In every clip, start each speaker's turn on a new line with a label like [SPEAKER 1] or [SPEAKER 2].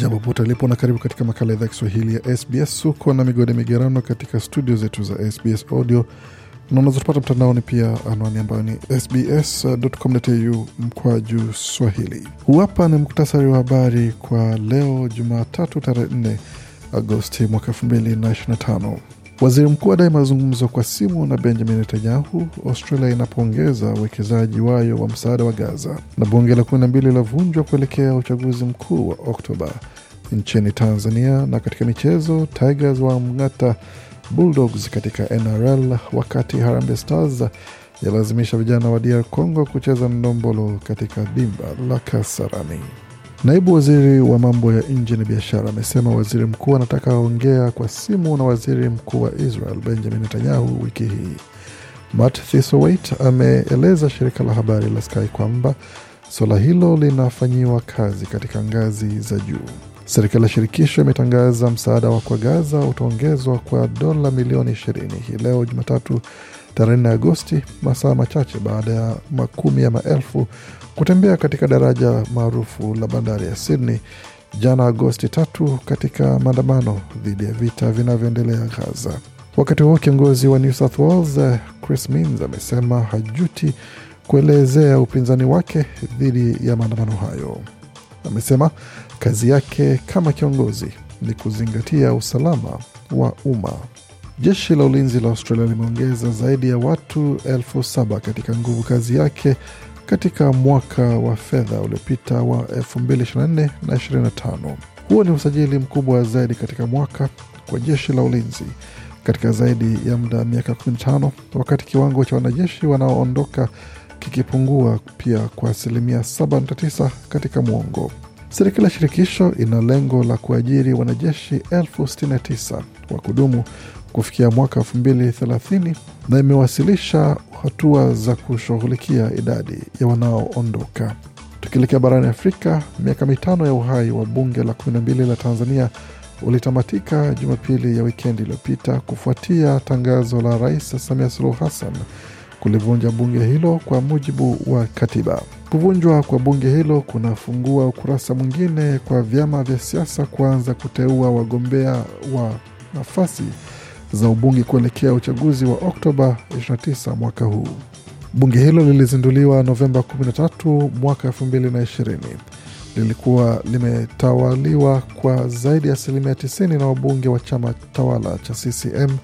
[SPEAKER 1] Jambo pote ulipo na karibu katika makala idhaa Kiswahili ya SBS. Uko na migode migerano katika studio zetu za SBS Audio na unazotupata mtandaoni pia, anwani ambayo ni sbs.com.au mkwaju swahili. hapa ni muktasari wa habari kwa leo Jumatatu tarehe 4 Agosti mwaka 2025. Waziri mkuu adaye mazungumzo kwa simu na Benjamin Netanyahu, Australia inapoongeza uwekezaji wayo wa msaada wa Gaza. Na bunge la 12 lilavunjwa kuelekea uchaguzi mkuu wa Oktoba. Nchini Tanzania na katika michezo, Tigers wa mng'ata Bulldogs katika NRL, wakati Harambee Stars yalazimisha vijana wa DR Congo kucheza ndombolo katika dimba la Kasarani. Naibu waziri wa mambo ya nje na biashara amesema waziri mkuu anataka ongea kwa simu na waziri mkuu wa Israel Benjamin Netanyahu wiki hii. Matt Thisowait ameeleza shirika la habari la Sky kwamba suala hilo linafanyiwa kazi katika ngazi za juu. Serikali ya shirikisho imetangaza msaada wa kwa Gaza utaongezwa kwa dola milioni ishirini hii leo Jumatatu tarehe 4 Agosti, masaa machache baada ya makumi ya maelfu kutembea katika daraja maarufu la bandari ya Sydney jana Agosti tatu katika maandamano dhidi ya vita vinavyoendelea Gaza. Wakati huo kiongozi wa New South Wales eh, Chris Minns amesema hajuti kuelezea upinzani wake dhidi ya maandamano hayo amesema kazi yake kama kiongozi ni kuzingatia usalama wa umma. Jeshi la ulinzi la Australia limeongeza zaidi ya watu elfu saba katika nguvu kazi yake katika mwaka wa fedha uliopita wa 2024 na Huo ni usajili mkubwa zaidi katika mwaka kwa jeshi la ulinzi katika zaidi ya muda miaka 15, wakati kiwango cha wanajeshi wanaoondoka kikipungua pia kwa asilimia 7.9 katika mwongo. Serikali ya shirikisho ina lengo la kuajiri wanajeshi elfu 69 wa kudumu kufikia mwaka 2030 na imewasilisha hatua za kushughulikia idadi ya wanaoondoka. Tukielekea barani Afrika, miaka mitano ya uhai wa bunge la 12 la Tanzania ulitamatika Jumapili ya wikendi iliyopita kufuatia tangazo la Rais Samia Suluhu Hassan kulivunja bunge hilo kwa mujibu wa katiba. Kuvunjwa kwa bunge hilo kunafungua ukurasa mwingine kwa vyama vya siasa kuanza kuteua wagombea wa nafasi za ubunge kuelekea uchaguzi wa Oktoba 29 mwaka huu. Bunge hilo lilizinduliwa Novemba 13 mwaka 2020. Lilikuwa limetawaliwa kwa zaidi ya asilimia 90 na wabunge wa chama tawala cha CCM,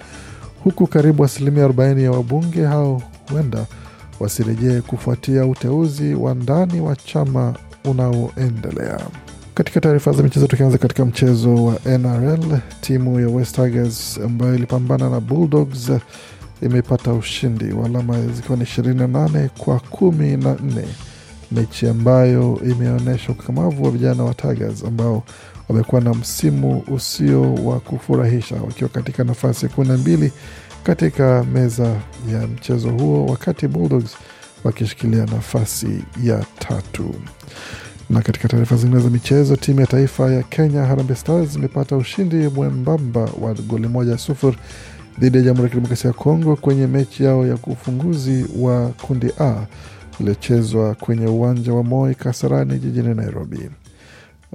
[SPEAKER 1] huku karibu asilimia 40 ya wabunge hao huenda wasirejee kufuatia uteuzi wa ndani wa chama unaoendelea. Katika taarifa za michezo, tukianza katika mchezo wa NRL, timu ya West Tigers ambayo ilipambana na Bulldogs imepata ushindi wa alama zikiwa ni 28 kwa 14 mechi ambayo imeonyesha ukakamavu wa vijana wa Tigers ambao wamekuwa na msimu usio wa kufurahisha wakiwa katika nafasi ya kumi na mbili katika meza ya mchezo huo, wakati Bulldogs wakishikilia nafasi ya tatu. Na katika taarifa zingine za michezo, timu ya taifa ya Kenya Harambee Stars imepata ushindi mwembamba wa goli moja sufuri dhidi ya Jamhuri ya Kidemokrasia ya Kongo kwenye mechi yao ya ufunguzi wa kundi A iliyochezwa kwenye uwanja wa Moi Kasarani jijini Nairobi.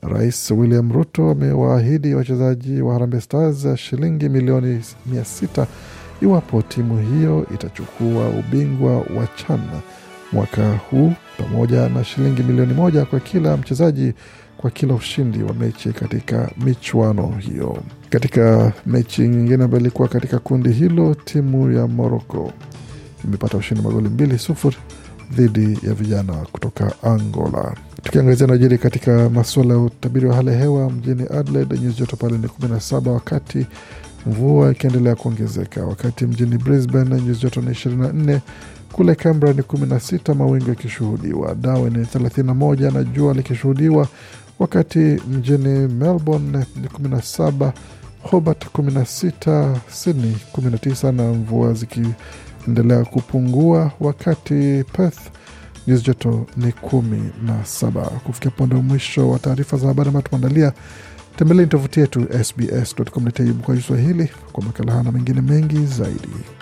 [SPEAKER 1] Rais William Ruto amewaahidi wachezaji wa Harambee Stars shilingi milioni mia sita iwapo timu hiyo itachukua ubingwa wa CHAN mwaka huu pamoja na shilingi milioni moja kwa kila mchezaji kwa kila ushindi wa mechi katika michuano hiyo. Katika mechi nyingine ambayo ilikuwa katika kundi hilo, timu ya moroko imepata ushindi magoli mbili sufuri dhidi ya vijana kutoka Angola. Tukiangazia najiri katika masuala ya utabiri wa hali ya hewa mjini Adelaide, nyuzi joto pale ni 17 wakati mvua ikiendelea kuongezeka, wakati mjini Brisbane nyuzi joto ni 24, kule Canberra ni 16, mawingu yakishuhudiwa, Darwin ni 31 na jua likishuhudiwa, wakati mjini Melbourne ni 17, Hobart 16, Sydney 19 na mvua ziki endelea kupungua, wakati Perth nyuzi joto ni kumi na saba. Kufikia punde mwisho wa taarifa za habari ambayo tumeandalia, tembeleni tovuti yetu sbs.com.au kwa Kiswahili kwa makala haya na mengine mengi zaidi.